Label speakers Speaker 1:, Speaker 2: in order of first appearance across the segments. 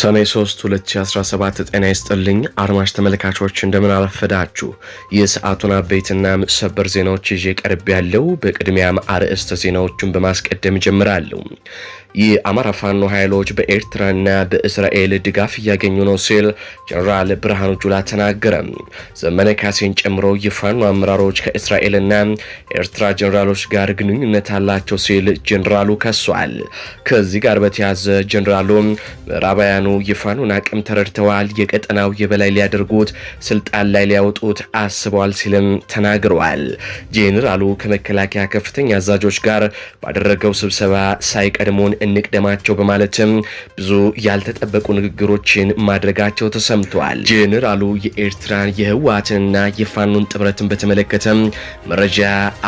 Speaker 1: ሰኔ 3 2017 ጤና ይስጥልኝ አድማጭ ተመልካቾች፣ እንደምን አረፈዳችሁ። የሰዓቱን አበይትና ሰበር ዜናዎች ይዤ ቀርብ ያለው። በቅድሚያም አርዕስተ ዜናዎቹን በማስቀደም ጀምራለሁ። የአማራ ፋኖ ኃይሎች በኤርትራና በእስራኤል ድጋፍ እያገኙ ነው ሲል ጀኔራል ብርሃኑ ጁላ ተናገረ። ዘመነ ካሴን ጨምሮ የፋኖ አመራሮች ከእስራኤልና ኤርትራ ጀኔራሎች ጋር ግንኙነት አላቸው ሲል ጀኔራሉ ከሷል። ከዚህ ጋር በተያያዘ ጀኔራሉ ምዕራባውያኑ ኢራኑ የፋኖን አቅም ተረድተዋል፣ የቀጠናው የበላይ ሊያደርጉት ስልጣን ላይ ሊያወጡት አስበዋል ሲልም ተናግረዋል። ጄኔራሉ ከመከላከያ ከፍተኛ አዛዦች ጋር ባደረገው ስብሰባ ሳይቀድሞን እንቅደማቸው በማለትም ብዙ ያልተጠበቁ ንግግሮችን ማድረጋቸው ተሰምተዋል። ጄኔራሉ የኤርትራን የህወሓትንና የፋኖን ጥምረትን በተመለከተም መረጃ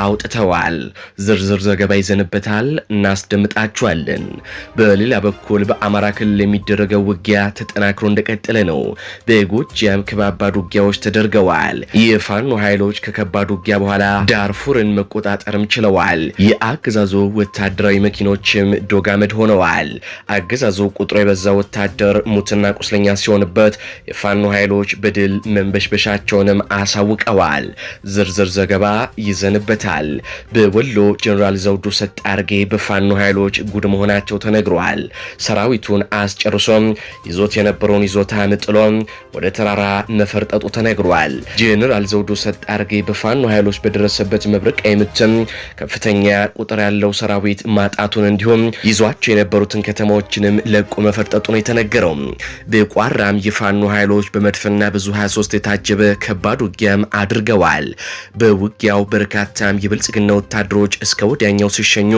Speaker 1: አውጥተዋል። ዝርዝር ዘገባ ይዘንበታል፣ እናስደምጣችኋለን። በሌላ በኩል በአማራ ክልል የሚደረገው ውጊያ ተጠናክሮ እንደቀጠለ ነው። በጎጃም ከባባድ ውጊያዎች ተደርገዋል። የፋኖ ኃይሎች ከከባድ ውጊያ በኋላ ዳርፉርን መቆጣጠርም ችለዋል። የአገዛዙ ወታደራዊ መኪኖችም ዶጋመድ ሆነዋል። አገዛዙ ቁጥሩ የበዛ ወታደር ሙትና ቁስለኛ ሲሆንበት የፋኖ ኃይሎች በድል መንበሽበሻቸውንም አሳውቀዋል። ዝርዝር ዘገባ ይዘንበታል። በወሎ ጀኔራል ዘውዱ ሰጣርጌ በፋኖ ኃይሎች ጉድ መሆናቸው ተነግሯል። ሰራዊቱን አስጨርሶም ይዞት የነበረውን ይዞታ ጥሎ ወደ ተራራ መፈርጠጡ ተነግሯል። ጄኔራል ዘውዱ ሰጥ አርጌ በፋኖ ኃይሎች በደረሰበት መብረቃዊ ምትም ከፍተኛ ቁጥር ያለው ሰራዊት ማጣቱን እንዲሁም ይዟቸው የነበሩትን ከተማዎችንም ለቆ መፈርጠጡ ነው የተነገረው። በቋራም የፋኖ ኃይሎች በመድፍና ብዙ 23 የታጀበ ከባድ ውጊያም አድርገዋል። በውጊያው በርካታም የብልጽግና ወታደሮች እስከ ወዲያኛው ሲሸኙ፣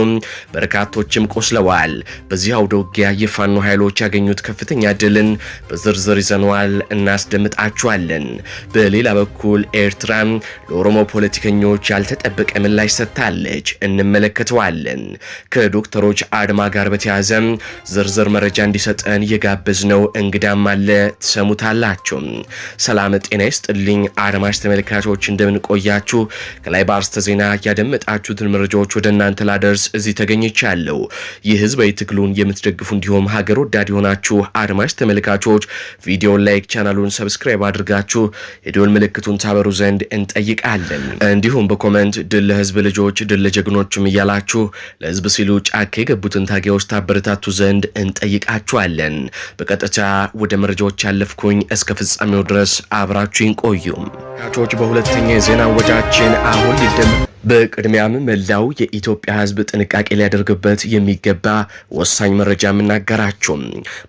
Speaker 1: በርካቶችም ቆስለዋል። በዚህ አውደ ውጊያ የፋኖ ኃይሎች ያገኙት ከፍተ ከፍተኛ ድልን በዝርዝር ይዘነዋል፣ እናስደምጣችኋለን። በሌላ በኩል ኤርትራ ለኦሮሞ ፖለቲከኞች ያልተጠበቀ ምላሽ ሰጥታለች፣ እንመለከተዋለን። ከዶክተሮች አድማ ጋር በተያያዘ ዝርዝር መረጃ እንዲሰጠን ነው እንግዳም አለ፣ ትሰሙታላችሁ። ሰላም ጤና ይስጥልኝ አድማጭ ተመልካቾች፣ እንደምንቆያችሁ ከላይ በአርስተ ዜና ያደመጣችሁትን መረጃዎች ወደ እናንተ ላደርስ እዚህ ተገኝቻለሁ። የህዝባዊ ትግሉን የምትደግፉ እንዲሁም ሀገር ወዳድ የሆናችሁ አድማጭ ተመልካቾች ቪዲዮን ላይክ፣ ቻናሉን ሰብስክራይብ አድርጋችሁ የዶል ምልክቱን ታበሩ ዘንድ እንጠይቃለን። እንዲሁም በኮመንት ድል ለህዝብ ልጆች፣ ድል ለጀግኖችም እያላችሁ ለህዝብ ሲሉ ጫካ የገቡትን ታጋዮች ታበረታቱ ዘንድ እንጠይቃችኋለን። በቀጥታ ወደ መረጃዎች ያለፍኩኝ፣ እስከ ፍጻሜው ድረስ አብራችሁ ቆዩም። ቻቾች በሁለተኛ የዜና ወጃችን አሁን ሊደመ በቅድሚያም መላው የኢትዮጵያ ሕዝብ ጥንቃቄ ሊያደርግበት የሚገባ ወሳኝ መረጃ የምናገራችሁ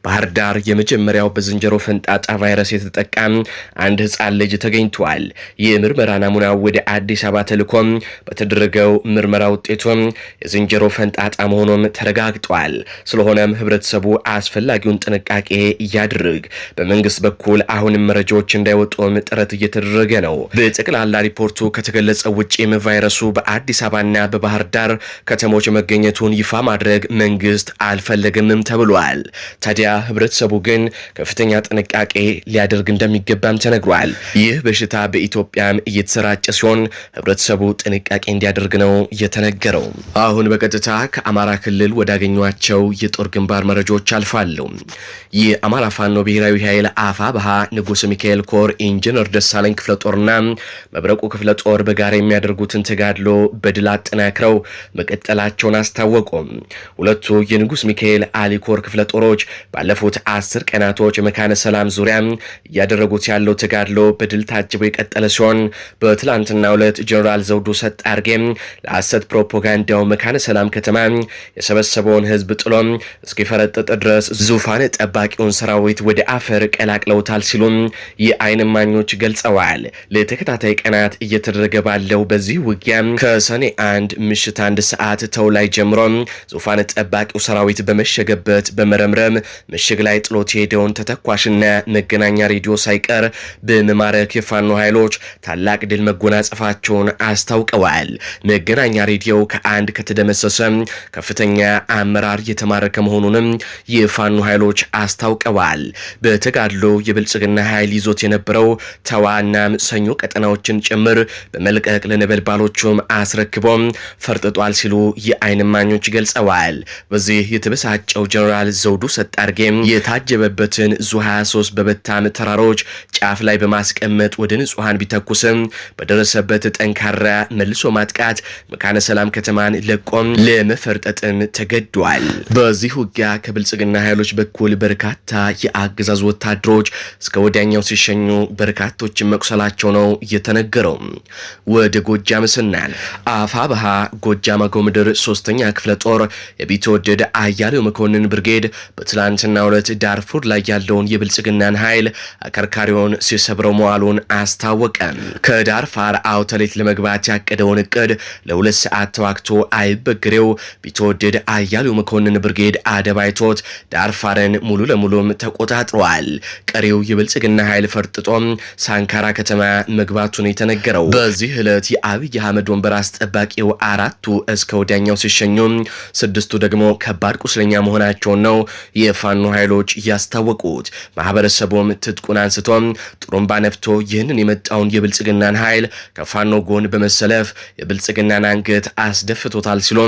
Speaker 1: ባህር ዳር የመጀመሪያው በዝንጀሮ ፈንጣጣ ቫይረስ የተጠቃም አንድ ህፃን ልጅ ተገኝቷል። ይህ ምርመራ ናሙና ወደ አዲስ አበባ ተልኮም በተደረገው ምርመራ ውጤቱም የዝንጀሮ ፈንጣጣ መሆኑም ተረጋግጧል። ስለሆነም ህብረተሰቡ አስፈላጊውን ጥንቃቄ እያድርግ፣ በመንግስት በኩል አሁንም መረጃዎች እንዳይወጡም ጥረት እየተደረገ ነው። በጠቅላላ ሪፖርቱ ከተገለጸ ውጭም ቫይረሱ በአዲስ አበባና በባህር ዳር ከተሞች መገኘቱን ይፋ ማድረግ መንግስት አልፈለግምም ተብሏል። ታዲያ ህብረተሰቡ ግን ከፍተኛ ጥንቃቄ ሊያደርግ እንደሚገባም ተነግሯል። ይህ በሽታ በኢትዮጵያም እየተሰራጨ ሲሆን ህብረተሰቡ ጥንቃቄ እንዲያደርግ ነው የተነገረው። አሁን በቀጥታ ከአማራ ክልል ወዳገኟቸው የጦር ግንባር መረጃዎች አልፋሉ። አማራ ፋኖ ብሔራዊ ኃይል አፋ ባሃ ንጉስ ሚካኤል ኮር ኢንጂነር ደሳለኝ ክፍለ ጦርና መብረቁ ክፍለ ጦር በጋራ የሚያደርጉትን ትጋ ተጋድሎ በድል አጠናክረው መቀጠላቸውን አስታወቁም። ሁለቱ የንጉስ ሚካኤል አሊኮር ክፍለ ጦሮች ባለፉት አስር ቀናቶች መካነ ሰላም ዙሪያ እያደረጉት ያለው ተጋድሎ በድል ታጅቦ የቀጠለ ሲሆን በትላንትና ሁለት ጀኔራል ዘውዱ ሰጥ አርጌም ለአሰት ፕሮፓጋንዳው መካነ ሰላም ከተማ የሰበሰበውን ህዝብ ጥሎ እስኪፈረጥጥ ድረስ ዙፋን ጠባቂውን ሰራዊት ወደ አፈር ቀላቅለውታል ሲሉም የአይን እማኞች ገልጸዋል። ለተከታታይ ቀናት እየተደረገ ባለው በዚህ ውጊያ ከሰኔ አንድ ምሽት አንድ ሰዓት ላይ ጀምሮ ዙፋን ጠባቂው ሰራዊት በመሸገበት በመረምረም ምሽግ ላይ ጥሎት የሄደውን ተተኳሽና መገናኛ ሬዲዮ ሳይቀር በመማረክ የፋኖ ኃይሎች ታላቅ ድል መጎናጸፋቸውን አስታውቀዋል። መገናኛ ሬዲዮ ከአንድ ከተደመሰሰ ከፍተኛ አመራር የተማረከ መሆኑንም የፋኖ ኃይሎች አስታውቀዋል። በተጋድሎ የብልጽግና ኃይል ይዞት የነበረው ተዋናም ሰኞ ቀጠናዎችን ጭምር በመልቀቅ ለነበልባሎቹ ለፖሊሱም አስረክቦም ፈርጥጧል ሲሉ የአይን ማኞች ገልጸዋል። በዚህ የተበሳጨው ጀኔራል ዘውዱ ሰጣርጌም የታጀበበትን ዙ 23 በበታም ተራሮች ጫፍ ላይ በማስቀመጥ ወደ ንጹሐን ቢተኩስም በደረሰበት ጠንካራ መልሶ ማጥቃት መካነ ሰላም ከተማን ለቆም ለመፈርጠጥም ተገዷል። በዚህ ውጊያ ከብልጽግና ኃይሎች በኩል በርካታ የአገዛዝ ወታደሮች እስከ ወዲያኛው ሲሸኙ በርካቶችን መቁሰላቸው ነው የተነገረው። ወደ ጎጃም ስና አፋብሃ ጎጃም አጎምድር ሶስተኛ ክፍለ ጦር የቢትወደድ አያሌው መኮንን ብርጌድ በትላንትና ሁለት ዳርፉር ላይ ያለውን የብልጽግናን ኃይል አከርካሪውን ሲሰብረው መዋሉን አስታወቀ። ከዳርፋር አውተሌት ለመግባት ያቀደውን እቅድ ለሁለት ሰዓት ተዋግቶ አይበግሬው ቢትወደድ አያሌው መኮንን ብርጌድ አደባይቶት ዳርፋርን ሙሉ ለሙሉም ተቆጣጥሯል። ቀሪው የብልጽግና ኃይል ፈርጥጦም ሳንካራ ከተማ መግባቱን የተነገረው በዚህ ዕለት የአብይ አህመድ ወንበር አስጠባቂው አራቱ እስከ ወዲያኛው ሲሸኙ፣ ስድስቱ ደግሞ ከባድ ቁስለኛ መሆናቸውን ነው የፋኖ ኃይሎች ያስታወቁት። ማህበረሰቡም ትጥቁን አንስቶ ጥሩምባ ነፍቶ ይህንን የመጣውን የብልጽግናን ኃይል ከፋኖ ጎን በመሰለፍ የብልጽግናን አንገት አስደፍቶታል ሲሉ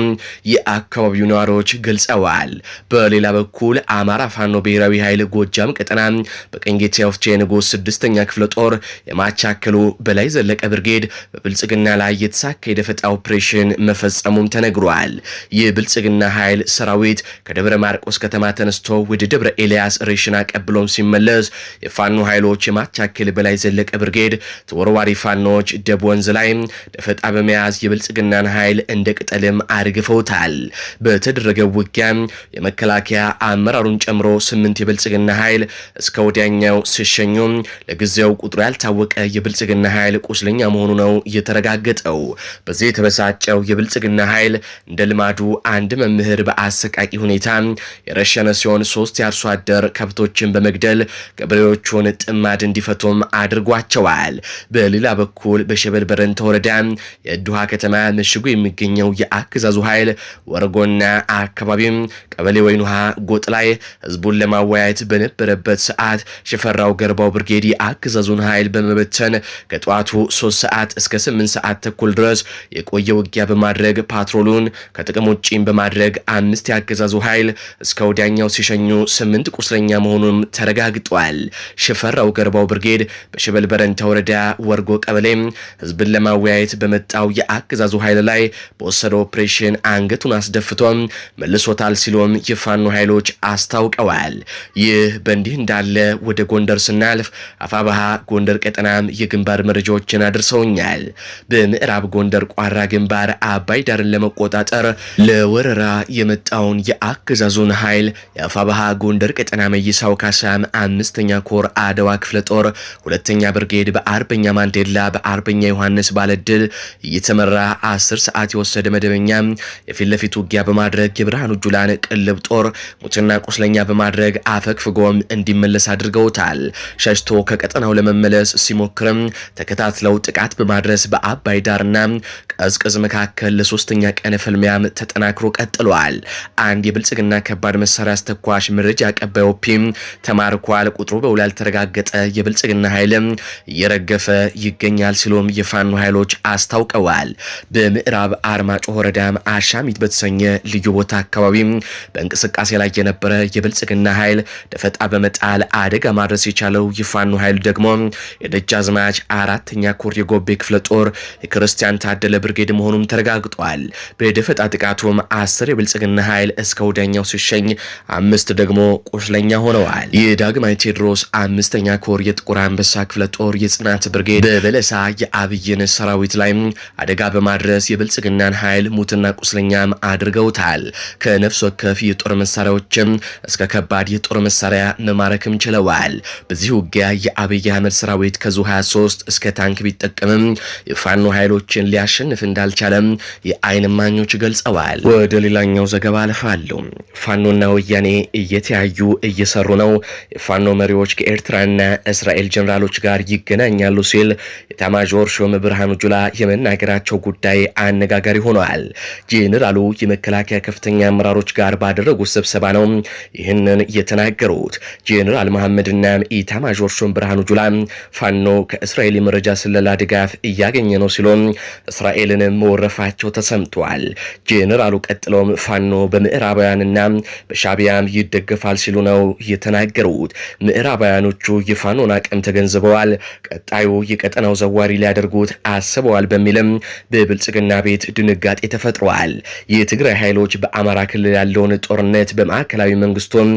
Speaker 1: የአካባቢው ነዋሪዎች ገልጸዋል። በሌላ በኩል አማራ ፋኖ ብሔራዊ ኃይል ጎጃም ቀጠና በቀኝጌታ ወፍቼ ንጉስ ስድስተኛ ክፍለ ጦር የማቻከሉ በላይ ዘለቀ ብርጌድ በብልጽግና ላይ የተሳ የተሳካ የደፈጣ ኦፕሬሽን መፈጸሙም ተነግሯል። ይህ ብልጽግና ኃይል ሰራዊት ከደብረ ማርቆስ ከተማ ተነስቶ ወደ ደብረ ኤልያስ ሬሽን አቀብሎም ሲመለስ የፋኖ ኃይሎች የማቻክል በላይ ዘለቀ ብርጌድ ተወርዋሪ ፋኖች ደብ ወንዝ ላይ ደፈጣ በመያዝ የብልጽግናን ኃይል እንደ ቅጠልም አርግፈውታል። በተደረገው ውጊያ የመከላከያ አመራሩን ጨምሮ ስምንት የብልጽግና ኃይል እስከ ወዲያኛው ሲሸኙ፣ ለጊዜው ቁጥሩ ያልታወቀ የብልጽግና ኃይል ቁስለኛ መሆኑ ነው የተረጋገጠው። በዚህ የተበሳጨው የብልጽግና ኃይል እንደ ልማዱ አንድ መምህር በአሰቃቂ ሁኔታ የረሸነ ሲሆን ሶስት የአርሶ አደር ከብቶችን በመግደል ገበሬዎቹን ጥማድ እንዲፈቱም አድርጓቸዋል። በሌላ በኩል በሸበል ተወረዳ ወረዳ የእድሃ ከተማ ምሽጉ የሚገኘው የአገዛዙ ኃይል ወረጎና አካባቢም ቀበሌ ወይን ውሃ ጎጥ ላይ ህዝቡን ለማወያየት በነበረበት ሰዓት ሽፈራው ገርባው ብርጌድ የአገዛዙን ኃይል በመበተን ከጠዋቱ 3 ሰዓት እስከ 8 ሰዓት ተኩል ድረስ የቆየ ውጊያ በማድረግ ፓትሮሉን ከጥቅም ውጪም በማድረግ አምስት ያገዛዙ ኃይል እስከ ወዲያኛው ሲሸኙ ስምንት ቁስለኛ መሆኑም ተረጋግጧል። ሽፈራው ገርባው ብርጌድ በሽበል በረንታ ወረዳ ወርጎ ቀበሌም ህዝብን ለማወያየት በመጣው የአገዛዙ ኃይል ላይ በወሰደ ኦፕሬሽን አንገቱን አስደፍቶ መልሶታል ሲሎም የፋኖ ኃይሎች አስታውቀዋል። ይህ በእንዲህ እንዳለ ወደ ጎንደር ስናልፍ አፋባሃ ጎንደር ቀጠናም የግንባር መረጃዎችን አድርሰውኛል። በምዕራብ በጎንደር ቋራ ግንባር አባይ ዳርን ለመቆጣጠር ለወረራ የመጣውን የአገዛዙን ኃይል የአፋባሃ ጎንደር ቀጠና መይሳው ካሳም አምስተኛ ኮር አደዋ ክፍለ ጦር ሁለተኛ ብርጌድ በአርበኛ ማንዴላ በአርበኛ ዮሐንስ ባለድል እየተመራ አስር ሰዓት የወሰደ መደበኛ የፊት ለፊት ውጊያ በማድረግ የብርሃኑ ጁላን ቅልብ ጦር ሙትና ቁስለኛ በማድረግ አፈግፍጎም እንዲመለስ አድርገውታል። ሸሽቶ ከቀጠናው ለመመለስ ሲሞክርም ተከታትለው ጥቃት በማድረስ በአባይ ዳርና ቀዝቅዝ መካከል ለሶስተኛ ቀን ፍልሚያም ተጠናክሮ ቀጥሏል። አንድ የብልጽግና ከባድ መሳሪያ አስተኳሽ መረጃ አቀባይ ኦፒም ተማርኳል። ቁጥሩ በውል ያልተረጋገጠ የብልጽግና ኃይልም እየረገፈ ይገኛል ሲሉም የፋኖ ኃይሎች አስታውቀዋል። በምዕራብ አርማጮ ወረዳም አሻሚት በተሰኘ ልዩ ቦታ አካባቢ በእንቅስቃሴ ላይ የነበረ የብልጽግና ኃይል ደፈጣ በመጣል አደጋ ማድረስ የቻለው የፋኖ ኃይል ደግሞ የደጃዝማች አራተኛ ኮር የጎቤ ክፍለ ጦር የክርስቲያን ሱልጣን ታደለ ብርጌድ መሆኑም ተረጋግጧል። በደፈጣ ጥቃቱም አስር የብልጽግና ኃይል እስከ ወዲያኛው ሲሸኝ፣ አምስት ደግሞ ቁስለኛ ሆነዋል። የዳግማዊ ቴዎድሮስ አምስተኛ ኮር የጥቁር አንበሳ ክፍለ ጦር የጽናት ብርጌድ በበለሳ የአብይን ሰራዊት ላይ አደጋ በማድረስ የብልጽግናን ኃይል ሙትና ቁስለኛም አድርገውታል። ከነፍስ ወከፍ የጦር መሳሪያዎችም እስከ ከባድ የጦር መሳሪያ መማረክም ችለዋል። በዚህ ውጊያ የአብይ አህመድ ሰራዊት ከዙ 23 እስከ ታንክ ቢጠቀምም የፋኖ ኃይሎችን ግን ሊያሸንፍ እንዳልቻለም የአይን ማኞች ገልጸዋል። ወደ ሌላኛው ዘገባ አልፋለሁ። ፋኖና ወያኔ እየተያዩ እየሰሩ ነው። የፋኖ መሪዎች ከኤርትራና እስራኤል ጀኔራሎች ጋር ይገናኛሉ ሲል የታማዦር ሹም ብርሃኑ ጁላ የመናገራቸው ጉዳይ አነጋጋሪ ሆነዋል። ጄኔራሉ የመከላከያ ከፍተኛ አመራሮች ጋር ባደረጉት ስብሰባ ነው ይህንን የተናገሩት። ጄኔራል መሐመድና ኢታማዦር ሹም ብርሃኑ ጁላ ፋኖ ከእስራኤል የመረጃ ስለላ ድጋፍ እያገኘ ነው ሲሎም እስራኤልንም መወረፋቸው ተሰምቷል። ጄኔራሉ ቀጥለውም ፋኖ በምዕራባውያንና በሻቢያም ይደገፋል ሲሉ ነው የተናገሩት። ምዕራባውያኖቹ የፋኖን አቅም ተገንዝበዋል፣ ቀጣዩ የቀጠናው ዘዋሪ ሊያደርጉት አስበዋል በሚልም በብልጽግና ቤት ድንጋጤ ተፈጥሯል። የትግራይ ኃይሎች በአማራ ክልል ያለውን ጦርነት በማዕከላዊ መንግስቱም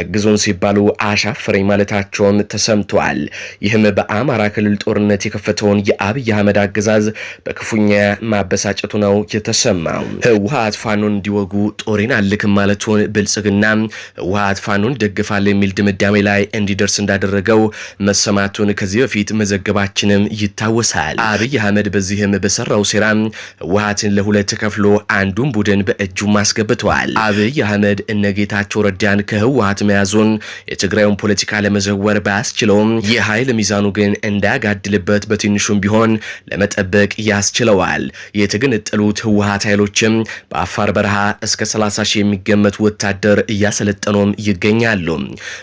Speaker 1: አግዞን ሲባሉ አሻፈረኝ ማለታቸውም ተሰምቷል። ይህም በአማራ ክልል ጦርነት የከፈተውን የአብይ አህመድ አገዛዝ በክፉ ክፉኛ ማበሳጨቱ ነው የተሰማው። ህወሀት ፋኖን እንዲወጉ ጦሬን አልክም ማለቱን ብልጽግና ህወሀት ፋኖን ደግፋል የሚል ድምዳሜ ላይ እንዲደርስ እንዳደረገው መሰማቱን ከዚህ በፊት መዘገባችንም ይታወሳል። አብይ አህመድ በዚህም በሰራው ሴራ ህወሀትን ለሁለት ከፍሎ አንዱን ቡድን በእጁ አስገብተዋል። አብይ አህመድ እነ ጌታቸው ረዳን ከህወሀት መያዙን የትግራዩን ፖለቲካ ለመዘወር ባያስችለውም የኃይል ሚዛኑ ግን እንዳያጋድልበት በትንሹም ቢሆን ለመጠበቅ ያ አስችለዋል። የተገነጠሉት ህወሀት ኃይሎችም በአፋር በረሃ እስከ 30 ሺህ የሚገመት ወታደር እያሰለጠኑም ይገኛሉ።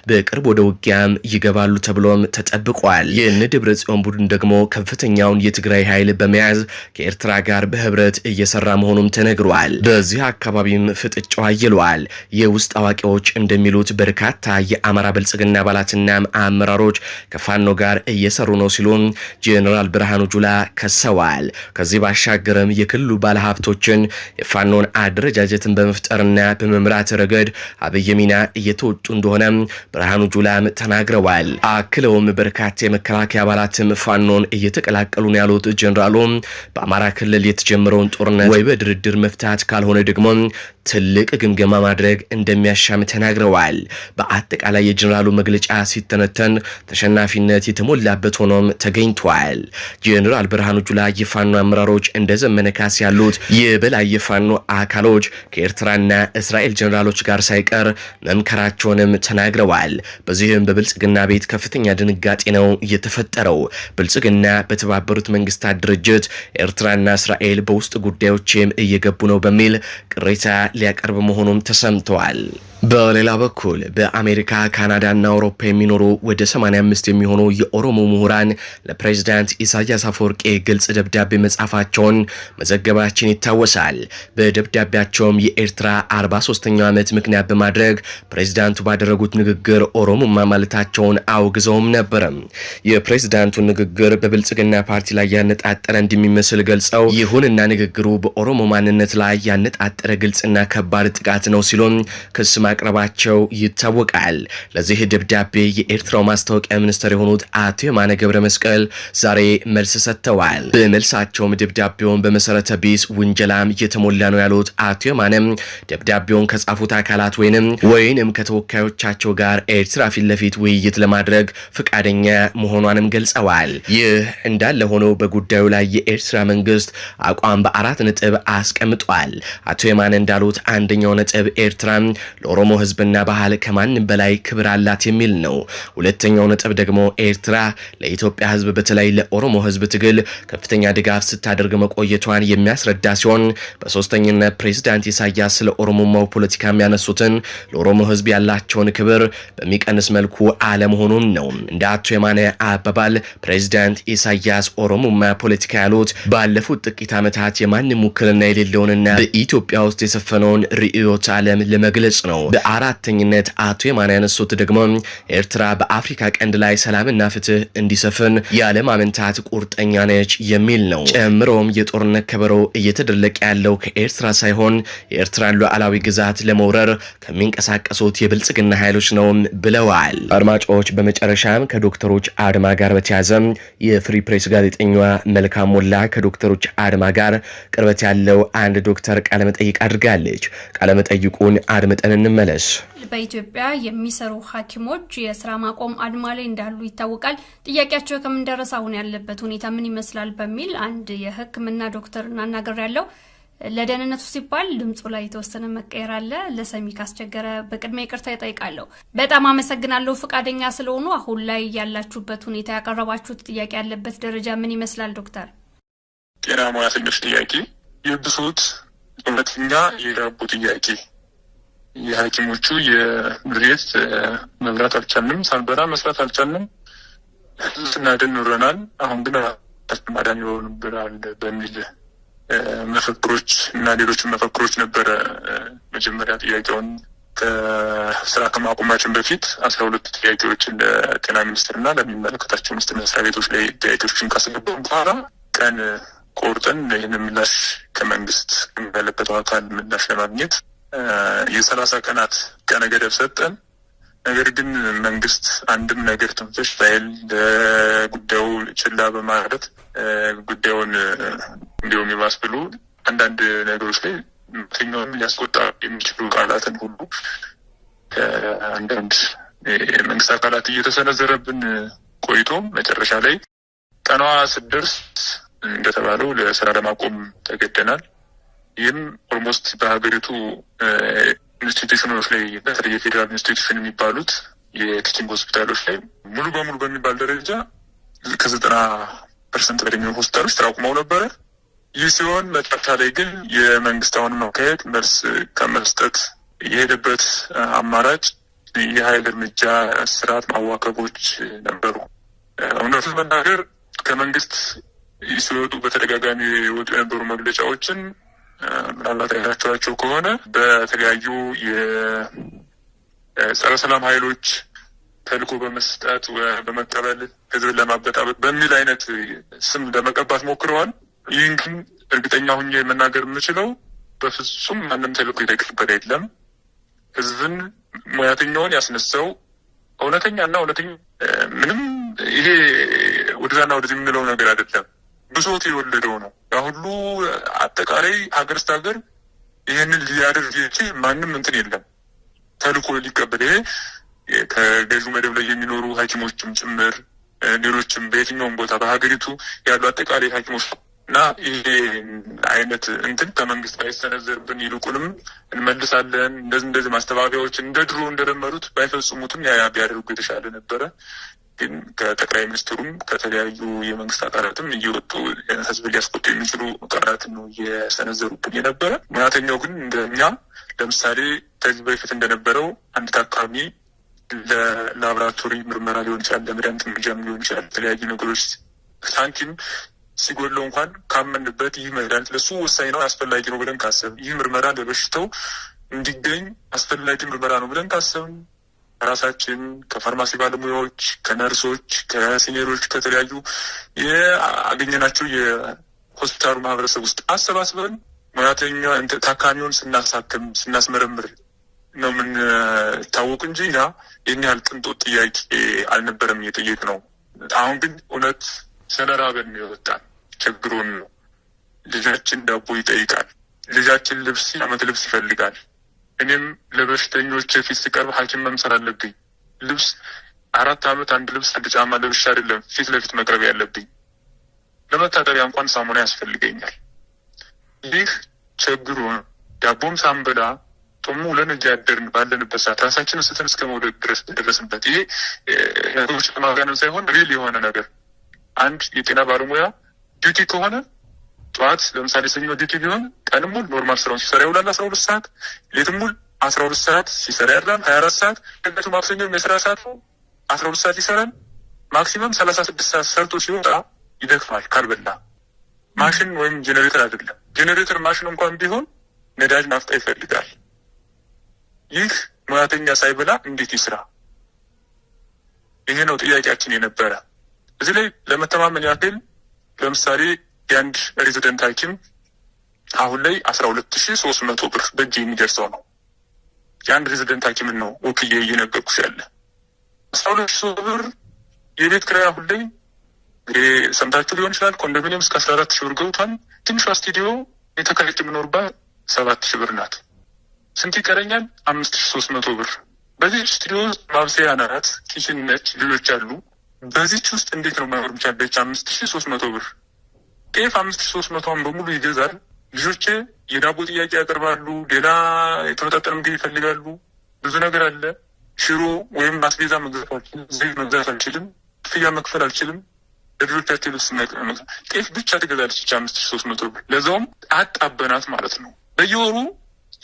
Speaker 1: በቅርብ ወደ ውጊያም ይገባሉ ተብሎም ተጠብቋል። የነ ደብረ ጽዮን ቡድን ደግሞ ከፍተኛውን የትግራይ ኃይል በመያዝ ከኤርትራ ጋር በህብረት እየሰራ መሆኑም ተነግሯል። በዚህ አካባቢም ፍጥጫው አይሏል። የውስጥ አዋቂዎች እንደሚሉት በርካታ የአማራ ብልጽግና አባላትና አመራሮች ከፋኖ ጋር እየሰሩ ነው ሲሉ ጄኔራል ብርሃኑ ጁላ ከሰዋል። ከዚህ ባሻገረም የክልሉ ባለሀብቶችን የፋኖን አደረጃጀትን በመፍጠርና በመምራት ረገድ አብይ ሚና እየተወጡ እንደሆነ ብርሃኑ ጁላም ተናግረዋል። አክለውም በርካታ የመከላከያ አባላትም ፋኖን እየተቀላቀሉ ነው ያሉት ጀኔራሉ በአማራ ክልል የተጀመረውን ጦርነት ወይ በድርድር መፍታት ካልሆነ ደግሞ ትልቅ ግምገማ ማድረግ እንደሚያሻም ተናግረዋል። በአጠቃላይ የጀኔራሉ መግለጫ ሲተነተን ተሸናፊነት የተሞላበት ሆኖም ተገኝቷል። ጀኔራል ብርሃኑ ጁላ የፋኖ አመራሮች እንደ ዘመነ ካሴ ያሉት የበላይ የፋኖ አካሎች ከኤርትራና እስራኤል ጀኔራሎች ጋር ሳይቀር መምከራቸውንም ተናግረዋል። በዚህም በብልጽግና ቤት ከፍተኛ ድንጋጤ ነው የተፈጠረው። ብልጽግና በተባበሩት መንግስታት ድርጅት ኤርትራና እስራኤል በውስጥ ጉዳዮችም እየገቡ ነው በሚል ቅሬታ ሊያቀርብ መሆኑም ተሰምተዋል። በሌላ በኩል በአሜሪካ ካናዳና አውሮፓ የሚኖሩ ወደ 85 የሚሆኑ የኦሮሞ ምሁራን ለፕሬዚዳንት ኢሳያስ አፈወርቄ ግልጽ ደብዳቤ መጻፋቸውን መዘገባችን ይታወሳል። በደብዳቤያቸውም የኤርትራ 43ኛው ዓመት ምክንያት በማድረግ ፕሬዚዳንቱ ባደረጉት ንግግር ኦሮሞማ ማለታቸውን አውግዘውም ነበርም። የፕሬዚዳንቱ ንግግር በብልጽግና ፓርቲ ላይ ያነጣጠረ እንደሚመስል ገልጸው፣ ይሁንና ንግግሩ በኦሮሞ ማንነት ላይ ያነጣጠረ ግልጽና ከባድ ጥቃት ነው ሲሉም ክስ ማቅረባቸው ይታወቃል። ለዚህ ደብዳቤ የኤርትራው ማስታወቂያ ሚኒስትር የሆኑት አቶ የማነ ገብረ መስቀል ዛሬ መልስ ሰጥተዋል። በመልሳቸውም ደብዳቤውን በመሰረተ ቢስ ውንጀላም እየተሞላ ነው ያሉት አቶ የማነም ደብዳቤውን ከጻፉት አካላት ወይንም ወይንም ከተወካዮቻቸው ጋር ኤርትራ ፊት ለፊት ውይይት ለማድረግ ፈቃደኛ መሆኗንም ገልጸዋል። ይህ እንዳለ ሆኖ በጉዳዩ ላይ የኤርትራ መንግስት አቋም በአራት ነጥብ አስቀምጧል። አቶ የማነ እንዳሉት አንደኛው ነጥብ ኤርትራ ለኦሮ ለኦሮሞ ህዝብና ባህል ከማንም በላይ ክብር አላት የሚል ነው። ሁለተኛው ነጥብ ደግሞ ኤርትራ ለኢትዮጵያ ህዝብ በተለይ ለኦሮሞ ህዝብ ትግል ከፍተኛ ድጋፍ ስታደርግ መቆየቷን የሚያስረዳ ሲሆን በሶስተኝነት ፕሬዚዳንት ኢሳያስ ስለ ኦሮሞማው ፖለቲካ የሚያነሱትን ለኦሮሞ ህዝብ ያላቸውን ክብር በሚቀንስ መልኩ አለመሆኑን ነው። እንደ አቶ የማነ አባባል ፕሬዚዳንት ኢሳያስ ኦሮሞማ ፖለቲካ ያሉት ባለፉት ጥቂት ዓመታት የማንም ውክልና የሌለውንና በኢትዮጵያ ውስጥ የሰፈነውን ርዕዮተ ዓለም ለመግለጽ ነው። በአራተኝነት አቶ የማነ ያነሱት ደግሞ ኤርትራ በአፍሪካ ቀንድ ላይ ሰላምና ፍትህ እንዲሰፍን ያለማመንታት ቁርጠኛ ነች የሚል ነው። ጨምሮም የጦርነት ከበሮ እየተደለቀ ያለው ከኤርትራ ሳይሆን የኤርትራን ሉዓላዊ ግዛት ለመውረር ከሚንቀሳቀሱት የብልጽግና ኃይሎች ነው ብለዋል። አድማጮች፣ በመጨረሻም ከዶክተሮች አድማ ጋር በተያዘ የፍሪ ፕሬስ ጋዜጠኛ መልካም ሞላ ከዶክተሮች አድማ ጋር ቅርበት ያለው አንድ ዶክተር ቃለመጠይቅ አድርጋለች። ቃለመጠይቁን አድምጠን እንመ ይመለስ።
Speaker 2: በኢትዮጵያ የሚሰሩ ሐኪሞች የስራ ማቆም አድማ ላይ እንዳሉ ይታወቃል። ጥያቄያቸው ከምን ደረሰ፣ አሁን ያለበት ሁኔታ ምን ይመስላል በሚል አንድ የሕክምና ዶክተር እናናገር ያለው ለደህንነቱ ሲባል ድምፁ ላይ የተወሰነ መቀየር አለ። ለሰሚ ካስቸገረ በቅድሚያ ይቅርታ ይጠይቃለሁ። በጣም አመሰግናለሁ ፈቃደኛ ስለሆኑ። አሁን ላይ ያላችሁበት ሁኔታ ያቀረባችሁት ጥያቄ ያለበት ደረጃ ምን ይመስላል ዶክተር?
Speaker 3: ጤና ሙያተኞች ጥያቄ የብሶት እውነተኛ የዳቦ ጥያቄ የሐኪሞቹ የምሬት መብራት አልቻልንም። ሳንበላ መስራት አልቻልንም። ስናድን ኑረናል። አሁን ግን ማዳን ይሆንብናል በሚል መፈክሮች እና ሌሎች መፈክሮች ነበረ። መጀመሪያ ጥያቄውን ከስራ ከማቆማችን በፊት አስራ ሁለት ጥያቄዎችን ለጤና ሚኒስትርና ለሚመለከታቸው ሚኒስቴር መስሪያ ቤቶች ላይ ጥያቄዎችን ካስገባን በኋላ ቀን ቆርጠን ይህን ምላሽ ከመንግስት የሚመለከተው አካል ምላሽ ለማግኘት የሰላሳ ቀናት ቀነ ገደብ ሰጠን። ነገር ግን መንግስት አንድም ነገር ትምህርቶች ሳይል ለጉዳዩ ችላ በማለት ጉዳዩን እንዲሁም የማስብሉ አንዳንድ ነገሮች ላይ የትኛውንም ሊያስቆጣ የሚችሉ ቃላትን ሁሉ ከአንዳንድ የመንግስት አካላት እየተሰነዘረብን ቆይቶ መጨረሻ ላይ ቀኗ ስደርስ እንደተባለው ለስራ ለማቆም ተገደናል። ይህም ኦልሞስት በሀገሪቱ ኢንስቲቱሽን ኢንስቲቱሽኖች ላይ በተለይ የፌዴራል ኢንስቲቱሽን የሚባሉት የቲችንግ ሆስፒታሎች ላይ ሙሉ በሙሉ በሚባል ደረጃ ከዘጠና ፐርሰንት በላይ የሚሆኑ ሆስፒታሎች ስራ አቁመው ነበረ። ይህ ሲሆን መጨረሻ ላይ ግን የመንግስት አሁን መካሄድ መልስ ከመስጠት የሄደበት አማራጭ የሀይል እርምጃ፣ ስርዓት ማዋከቦች ነበሩ። እውነቱ መናገር ከመንግስት ሲወጡ በተደጋጋሚ የወጡ የነበሩ መግለጫዎችን ምናልባት አይታችኋቸው ከሆነ በተለያዩ የጸረ ሰላም ኃይሎች ተልእኮ በመስጠት በመቀበል ህዝብን ለማበጣበጥ በሚል አይነት ስም ለመቀባት ሞክረዋል። ይህን ግን እርግጠኛ ሁኜ መናገር የምችለው በፍጹም ማንም ተልእኮ የተቀበለ የለም። ህዝብን ሙያተኛውን ያስነሳው እውነተኛና እውነተኛ ምንም ይሄ ወደዛና ወደዚህ የምንለው ነገር አይደለም፣ ብሶት የወለደው ነው። ሁሉ አጠቃላይ ሀገር ስታገር ይህንን ሊያደርግ ይችል ማንም እንትን የለም ተልኮ ሊቀበል ይሄ ከገዢ መደብ ላይ የሚኖሩ ሐኪሞችም ጭምር ሌሎችም በየትኛውም ቦታ በሀገሪቱ ያሉ አጠቃላይ ሐኪሞች እና ይሄ አይነት እንትን ከመንግስት ባይሰነዘርብን ይልቁንም እንመልሳለን እንደዚህ እንደዚህ ማስተባበያዎችን እንደ ድሮ እንደለመዱት ባይፈጽሙትም ያ ቢያደርጉ የተሻለ ነበረ። ግን ከጠቅላይ ሚኒስትሩም ከተለያዩ የመንግስት አካላትም እየወጡ ህዝብ ሊያስቆጡ የሚችሉ ቃላት ነው እየሰነዘሩብን የነበረ። ሙያተኛው ግን እንደኛ ለምሳሌ ከዚህ በፊት እንደነበረው አንድ ታካሚ ለላብራቶሪ ምርመራ ሊሆን ይችላል፣ ለመድኃኒት ምርጃም ሊሆን ይችላል። የተለያዩ ነገሮች ሳንቲም ሲጎለው እንኳን ካመንበት ይህ መድኃኒት ለሱ ወሳኝ ነው አስፈላጊ ነው ብለን ካሰብ ይህ ምርመራ ለበሽተው እንዲገኝ አስፈላጊ ምርመራ ነው ብለን ካሰብ ራሳችን ከፋርማሲ ባለሙያዎች፣ ከነርሶች፣ ከሲኒሮች ከተለያዩ የአገኘናቸው የሆስፒታሉ ማህበረሰብ ውስጥ አሰባስበን ሙያተኛ ታካሚውን ስናሳክም ስናስመረምር ነው የምንታወቅ እንጂ ያ ይህን ያህል ቅንጦት ጥያቄ አልነበረም እየጠየቅ ነው። አሁን ግን እውነት ስለራበን የወጣን ችግሩን ነው። ልጃችን ዳቦ ይጠይቃል። ልጃችን ልብስ የዓመት ልብስ ይፈልጋል። እኔም ለበሽተኞች ፊት ስቀርብ ሐኪም መምሰል አለብኝ። ልብስ አራት ዓመት አንድ ልብስ አንድ ጫማ ለብሻ አይደለም ፊት ለፊት መቅረብ ያለብኝ። ለመታጠቢያ እንኳን ሳሙና ያስፈልገኛል። ይህ ችግሩን ዳቦም ሳንበላ ጦሙ ውለን ያደርን ባለንበት ሰዓት ራሳችንን ስትን እስከ መውደድ ድረስ ደረስንበት። ይሄ ነገሮች ለማጋነን ሳይሆን ሪል የሆነ ነገር አንድ የጤና ባለሙያ ዲዩቲ ከሆነ ጠዋት ለምሳሌ ሰኞ ዲቲ ቢሆን ቀን ሙል ኖርማል ስራውን ሲሰራ ይውላል። አስራ ሁለት ሰዓት ሌትም ሙል አስራ ሁለት ሰዓት ሲሰራ ያድራል። ሀያ አራት ሰዓት ቀቱ ማክሰኞ የስራ ሰዓት አስራ ሁለት ሰዓት ይሰራል። ማክሲመም ሰላሳ ስድስት ሰዓት ሰርቶ ሲወጣ ይደክማል። ካልበላ ማሽን ወይም ጀኔሬተር አይደለም። ጀኔሬተር ማሽን እንኳን ቢሆን ነዳጅ ናፍጣ ይፈልጋል። ይህ ሙያተኛ ሳይበላ እንዴት ይስራ? ይሄ ነው ጥያቄያችን የነበረ። እዚህ ላይ ለመተማመን ያክል ለምሳሌ የአንድ ሬዚደንት ሐኪም አሁን ላይ አስራ ሁለት ሺ ሶስት መቶ ብር በእጅ የሚደርሰው ነው። የአንድ ሬዚደንት ሐኪምን ነው ወክዬ እየነገርኩ ያለ አስራ ሁለት ሺ ሶስት ብር የቤት ክራይ አሁን ላይ እንግዲህ ሰምታችሁ ሊሆን ይችላል። ኮንዶሚኒየም እስከ አስራ አራት ሺ ብር ገብቷል። ትንሿ ስቱዲዮ የተከራይች የምኖርባት ሰባት ሺ ብር ናት። ስንት ይቀረኛል? አምስት ሺ ሶስት መቶ ብር በዚህ ስቱዲዮ ውስጥ ማብሰያ ናት፣ ኪችን ነች፣ ልጆች አሉ። በዚች ውስጥ እንዴት ነው መኖር ምቻለች? አምስት ሺ ሶስት መቶ ብር ጤፍ አምስት ሶስት መቶን በሙሉ ይገዛል። ልጆቼ የዳቦ ጥያቄ ያቀርባሉ። ሌላ የተመጣጠነ ምግብ ይፈልጋሉ። ብዙ ነገር አለ። ሽሮ ወይም ማስቤዛ መግዛት መግዛት አልችልም። ክፍያ መክፈል አልችልም። ለልጆቻቸው ልብስ ጤፍ ብቻ ትገዛለች ቻ አምስት ሺህ ሶስት መቶ ብር ለዛውም አጣበናት ማለት ነው። በየወሩ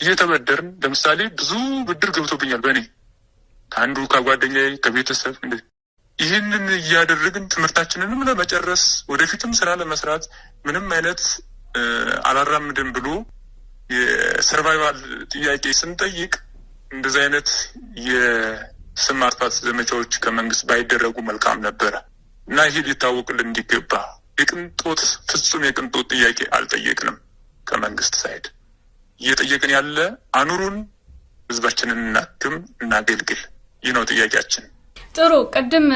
Speaker 3: እየተበደርን ለምሳሌ ብዙ ብድር ገብቶብኛል በእኔ ከአንዱ ከጓደኛዬ ከቤተሰብ እንደ ይህንን እያደረግን ትምህርታችንንም ለመጨረስ ወደፊትም ስራ ለመስራት ምንም አይነት አላራምድም ብሎ የሰርቫይቫል ጥያቄ ስንጠይቅ እንደዚህ አይነት የስም ማጥፋት ዘመቻዎች ከመንግስት ባይደረጉ መልካም ነበረ እና ይሄ ሊታወቅልን እንዲገባ የቅንጦት ፍጹም የቅንጦት ጥያቄ አልጠየቅንም። ከመንግስት ሳይድ እየጠየቅን ያለ አኑሩን፣ ህዝባችንን እናክም፣ እናገልግል። ይህ ነው ጥያቄያችን። ጥሩ ቅድም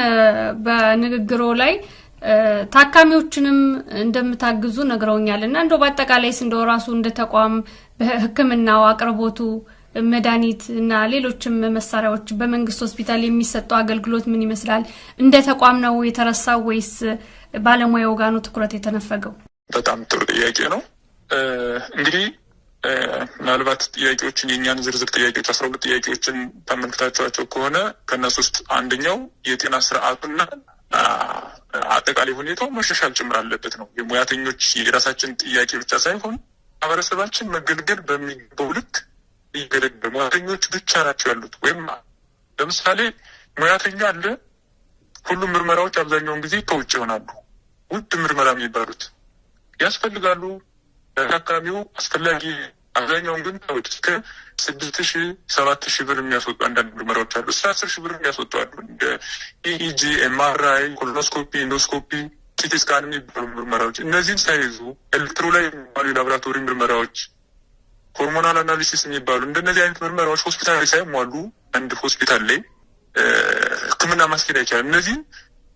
Speaker 3: በንግግሮ ላይ ታካሚዎችንም እንደምታግዙ ነግረውኛል እና በአጠቃላይ ስ እንደው ራሱ እንደ ተቋም በህክምናው አቅርቦቱ መድኃኒት እና ሌሎችም መሳሪያዎች በመንግስት ሆስፒታል የሚሰጠው አገልግሎት ምን ይመስላል? እንደ ተቋም ነው የተረሳው ወይስ ባለሙያ ወጋኑ ትኩረት የተነፈገው? በጣም ጥሩ ጥያቄ ነው እንግዲህ ምናልባት ጥያቄዎችን የእኛን ዝርዝር ጥያቄዎች አስራ ሁለት ጥያቄዎችን ተመልክታችኋቸው ከሆነ ከእነሱ ውስጥ አንደኛው የጤና ስርዓቱና አጠቃላይ ሁኔታው መሻሻል ጭምር አለበት ነው። የሙያተኞች የራሳችን ጥያቄ ብቻ ሳይሆን ማህበረሰባችን መገልገል በሚገባው ልክ ይገለግል። ሙያተኞች ብቻ ናቸው ያሉት ወይም ለምሳሌ ሙያተኛ አለ። ሁሉም ምርመራዎች አብዛኛውን ጊዜ ከውጭ ይሆናሉ። ውድ ምርመራ የሚባሉት ያስፈልጋሉ ለታካሚው አስፈላጊ አብዛኛውን ግን ሰዎች እስከ ስድስት ሺ ሰባት ሺ ብር የሚያስወጡ አንዳንድ ምርመራዎች አሉ። እስከ አስር ሺ ብር የሚያስወጡ አሉ። እንደ ኢኢጂ፣ e ኤምአርአይ፣ e ኮሎኖስኮፒ፣ ኢንዶስኮፒ፣ ሲቲ ስካን የሚባሉ ምርመራዎች እነዚህን ሳይዙ ኤሌክትሮ ላይ የሚባሉ የላቦራቶሪ ምርመራዎች፣ ሆርሞናል አናሊሲስ የሚባሉ እንደነዚህ አይነት ምርመራዎች ሆስፒታል ላይ ሳይሟሉ አንድ ሆስፒታል ላይ ሕክምና ማስኬድ አይቻልም። እነዚህ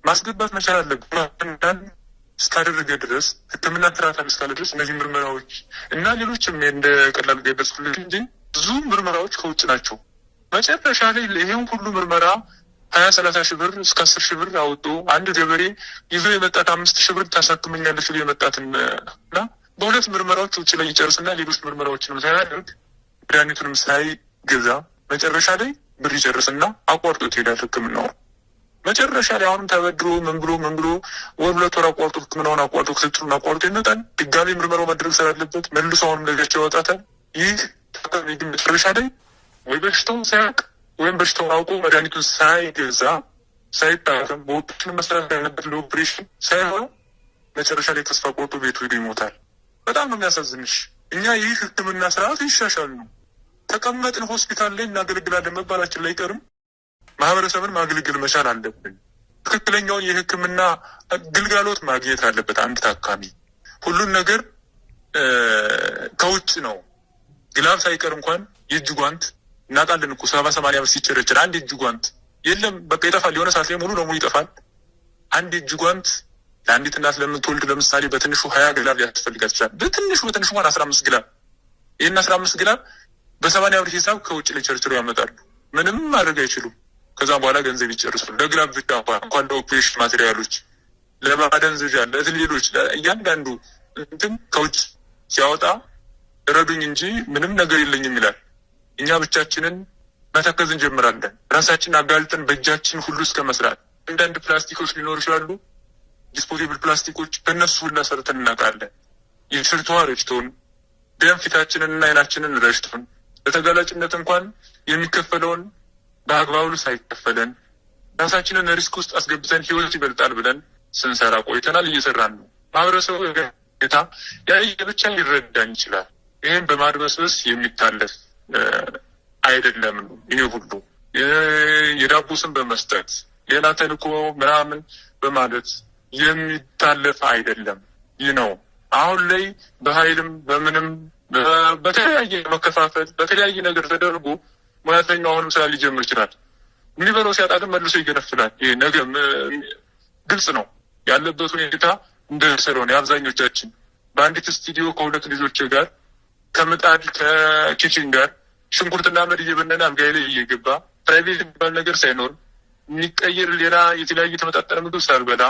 Speaker 3: ማስገባት መቻል አለብን። እስካደረገ ድረስ ህክምና ትራታል እስካለ ድረስ እነዚህ ምርመራዎች እና ሌሎችም እንደ ቀላል ገለጽኩልህ እንጂ ብዙ ምርመራዎች ከውጭ ናቸው። መጨረሻ ላይ ይህም ሁሉ ምርመራ ሀያ ሰላሳ ሺህ ብር እስከ አስር ሺህ ብር አውጡ። አንድ ገበሬ ይዞ የመጣት አምስት ሺህ ብር ታሳክመኛለች ብሎ የመጣትን እና በሁለት ምርመራዎች ውጭ ላይ ይጨርስና ሌሎች ምርመራዎችንም ሳያደርግ መድኃኒቱንም ሳይገዛ መጨረሻ ላይ ብር ይጨርስና አቋርጦ ትሄዳል ህክምናው። መጨረሻ ላይ አሁንም ተበድሮ ምን ብሎ ምን ብሎ ወር ሁለት ወር አቋርጦ ህክምናውን አቋርጦ ክትትሉን አቋርጦ ይመጣል። ድጋሚ ምርመራው መድረግ ስላለበት መልሶ አሁንም ነገቸው ያወጣታል። ይህ ግን መጨረሻ ላይ ወይ በሽታውን ሳያውቅ ወይም በሽታውን አውቆ መድኃኒቱን ሳይገዛ ሳይታከም በወጣችን መሰረት ያለበት ለኦፕሬሽን ሳይሆን መጨረሻ ላይ ተስፋ ቆርጦ ቤቱ ሄዶ ይሞታል። በጣም ነው የሚያሳዝንሽ። እኛ ይህ ህክምና ስርዓት ይሻሻል ነው ተቀመጥን ሆስፒታል ላይ እናገለግላለን መባላችን ላይ አይቀርም። ማህበረሰብን ማገልገል መቻል አለብን። ትክክለኛውን የሕክምና ግልጋሎት ማግኘት አለበት። አንድ ታካሚ ሁሉን ነገር ከውጭ ነው። ግላብ ሳይቀር እንኳን የእጅ ጓንት እናጣለን እኮ ሰባ ሰማንያ ብር ሲቸረችል አንድ የእጅ ጓንት የለም፣ በቃ ይጠፋል። የሆነ ሰዓት ላይ ሙሉ ለሙሉ ይጠፋል። አንድ የእጅ ጓንት ለአንዲት እናት ለምትወልድ ለምሳሌ በትንሹ ሀያ ግላብ ሊያስፈልጋት ይችላል። በትንሹ በትንሹ እንኳን አስራ አምስት ግላብ ይህን አስራ አምስት ግላብ በሰማንያ ብር ሂሳብ ከውጭ ላይ ያመጣሉ። ምንም ማድረግ አይችሉም። ከዛም በኋላ ገንዘብ ይጨርሱ። ለግራም ብቻ እንኳን እንኳን ለኦፕሬሽን ማቴሪያሎች፣ ለማደንዘዣ፣ ለሌሎች እያንዳንዱ እንትን ከውጭ ሲያወጣ እረዱኝ እንጂ ምንም ነገር የለኝም ይላል። እኛ ብቻችንን መተከዝ እንጀምራለን። ራሳችን አጋልጠን በእጃችን ሁሉ እስከ መስራት አንዳንድ ፕላስቲኮች ሊኖሩ ይችላሉ። ዲስፖቴብል ፕላስቲኮች በእነሱ ሁላ ሰርተን እናውቃለን። የሽርቷ ረጅቶን ደም ፊታችንንና አይናችንን ረጅቶን ለተጋላጭነት እንኳን የሚከፈለውን በአግባቡ ሳይከፈለን ራሳችንን ሪስክ ውስጥ አስገብተን ህይወት ይበልጣል ብለን ስንሰራ ቆይተናል። እየሰራን ነው። ማህበረሰቡ ጌታ ያየ ብቻ ሊረዳን ይችላል። ይህም በማድበስበስ የሚታለፍ አይደለም ነው። ይህ ሁሉ የዳቦ ስም በመስጠት ሌላ ተልእኮ ምናምን በማለት የሚታለፍ አይደለም። ይህ ነው አሁን ላይ በኃይልም በምንም በተለያየ መከፋፈል በተለያየ ነገር ተደርጎ ሙያተኛው አሁንም ስራ ሊጀምር ይችላል። የሚበላው ግን መልሶ ይገነፍላል። ይሄ ነገ ግልጽ ነው ያለበት ሁኔታ እንደሰለሆነ የአብዛኞቻችን በአንዲት ስቱዲዮ ከሁለት ልጆች ጋር ከምጣድ ከኪችን ጋር ሽንኩርትና መድ እየበነነ አልጋይ ላይ እየገባ ፕራይቬት የሚባል ነገር ሳይኖር የሚቀየር ሌላ የተለያዩ የተመጣጠነ ምግብ ሳልበላ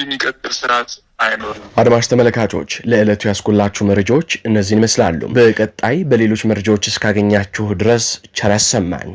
Speaker 3: የሚቀጥል ስርዓት አድማሽ ተመልካቾች ለዕለቱ ያስኩላችሁ መረጃዎች እነዚህን ይመስላሉ። በቀጣይ በሌሎች መረጃዎች እስካገኛችሁ ድረስ ቸር ያሰማን።